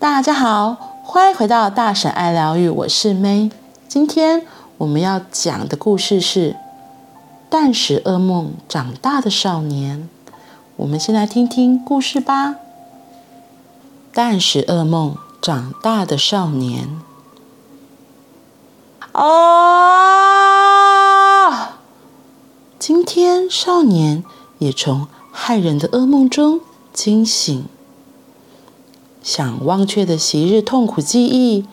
大家好，歡迎回到大嬸愛療癒，我是 May。今天我們要講的故事是《啖食噩夢長大的少年》。我們先來聽聽故事吧。啖食噩夢長大的少年，啊！今天少年也從駭人的噩夢中驚醒。想忘卻的昔日痛苦記憶，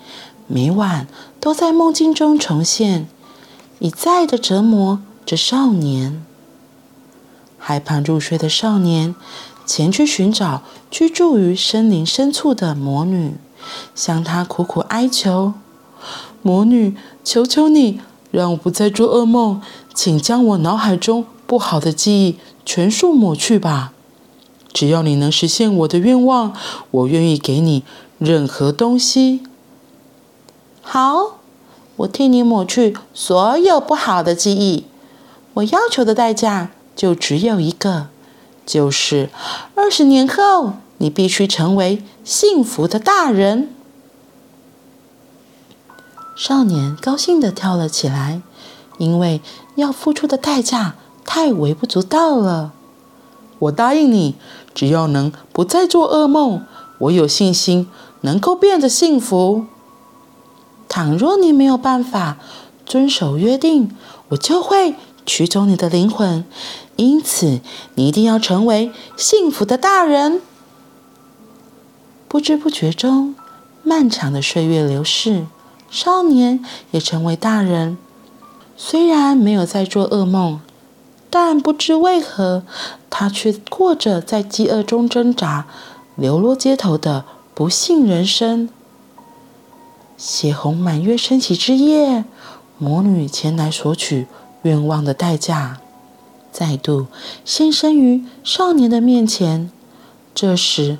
每晚都在夢境中重現，一再的折磨著少年。害怕入睡的少年，前去尋找居住於森林深處的魔女，向她苦苦哀求：“魔女，求求你，讓我不再做噩夢，請將我腦海中不好的記憶全數抹去吧。”只要你能實現我的願望，我願意給你任何東西。好，我替你抹去所有不好的記憶。我要求的代價就只有一個，就是二十年後你必須成為幸福的大人。少年高興的跳了起來，因為要付出的代價太微不足道了。我答應你，只要能不再做噩夢，我有信心能夠變得幸福。倘若你沒有辦法遵守約定，我就會取走你的靈魂。因此，你一定要成為幸福的大人。不知不覺中，漫長的歲月流逝，少年也成為大人。雖然沒有再做噩夢。但不知為何，他卻過着在飢餓中掙扎、流落街頭的不幸人生。血紅滿月升起之夜，魔女前來索取願望的代價，再度現身於少年的面前。這時，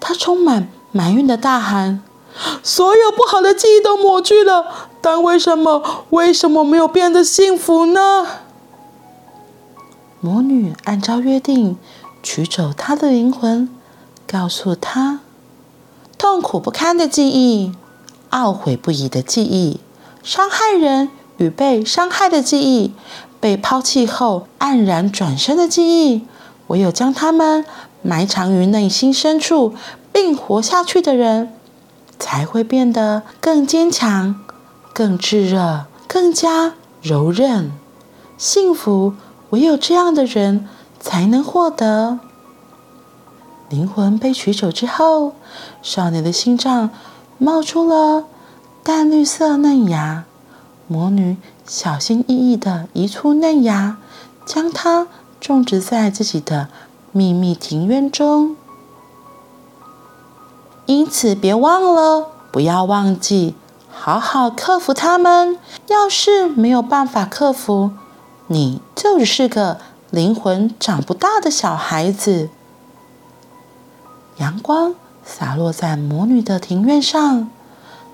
他充滿埋怨地大喊：“所有不好的記憶都抹去了，但為什麼，為什麼沒有變得幸福呢？”魔女按照約定取走她的靈魂，告訴她痛苦不堪的記憶、懊悔不已的記憶、傷害人與被傷害的記憶、被拋棄後黯然轉身的記憶。唯有將他們埋藏於內心深處，並活下去的人，才會變得更堅強、更炙熱、更加柔韌、幸福。唯有這樣的人，才能獲得。靈魂被取走之後，少年的心臟冒出了淡綠色嫩芽。魔女小心翼翼地移出嫩芽，將它種植在自己的祕密庭院中。因此，別忘了，不要忘記，好好克服它們。要是沒有辦法克服，你就是個靈魂長不大的小孩子。陽光灑落在魔女的庭院上，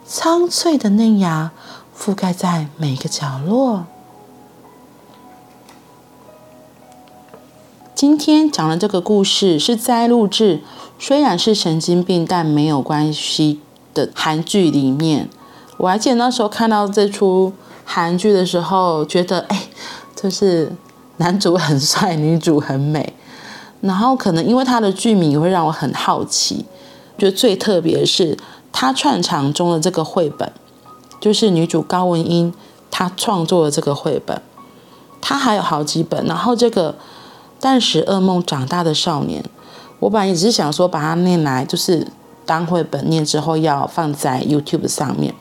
蒼翠的嫩芽覆蓋在每個角落。今天講的這個故事是摘錄自，雖然是神經病但沒有關係的韓劇裡面。我還記得那時候看到這出韓劇的時候，覺得哎。就是男主很帥，女主很美，然後可能因為他的劇名會讓我很好奇。覺得最特別是他串場中的這個繪本，就是女主高文英她創作的這個繪本，她還有好幾本。然後這個《啖食噩夢長大的少年》，我本來一直想說把它念來，就是當繪本念之後要放在 YouTube 上面。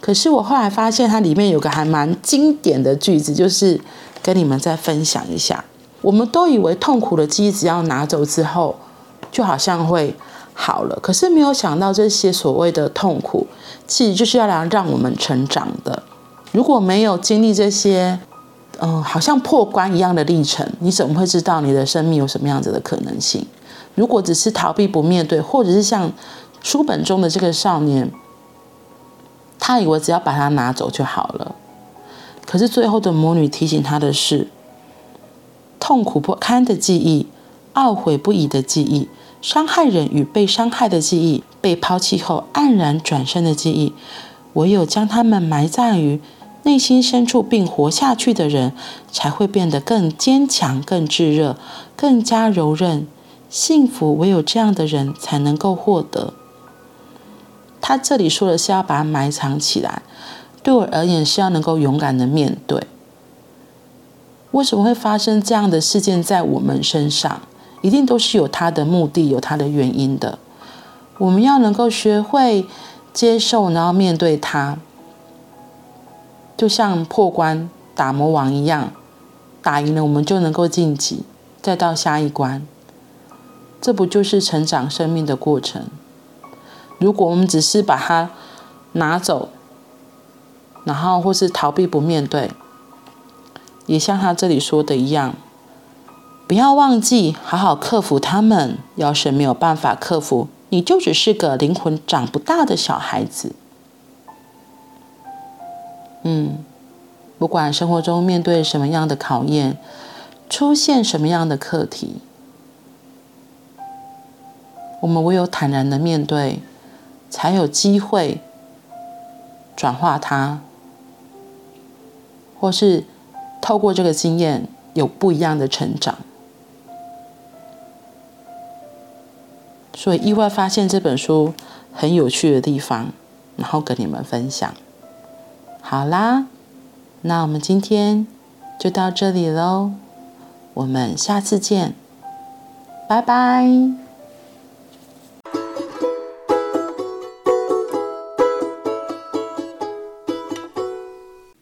可是我後來發現它裡面有個還蠻經典的句子，就是。跟你們再分享一下，我們都以為痛苦的記憶只要拿走之後，就好像會好了。可是沒有想到，這些所謂的痛苦，其實就是要來讓我們成長的。如果沒有經歷這些，嗯，好像破關一樣的歷程，你怎麼會知道你的生命有什麼樣子的可能性？如果只是逃避不面對，或者是像書本中的這個少年，他以為只要把它拿走就好了。可是最後的魔女提醒他的是：痛苦不堪的記憶，懊悔不已的記憶，傷害人與被傷害的記憶，被拋棄後黯然轉身的記憶，唯有將他們埋葬於內心深處並活下去的人，才會變得更堅強、更炙熱、更加柔韌。幸福，唯有這樣的人才能夠獲得。他這裡說的是要把它埋藏起來。對我而言是要能夠勇敢地面對，為什麼會發生這樣的事件在我們身上，一定都是有它的目的，有它的原因的。我們要能夠學會接受，然後面對它，就像破關打魔王一樣，打贏了我們就能夠晉級，再到下一關。這不就是成長生命的過程？如果我們只是把它拿走，然後，或是逃避不面對，也像他這裡說的一樣，不要忘記好好克服他們。要是沒有辦法克服，你就只是個靈魂長不大的小孩子。嗯，不管生活中面對什麼樣的考驗，出現什麼樣的課題，我們唯有坦然的面對，才有機會轉化它。或是透過這個經驗有不一樣的成長，所以意外發現這本書很有趣的地方，然後跟你們分享。好啦，那我們今天就到這裡嘍。我們下次見，拜拜。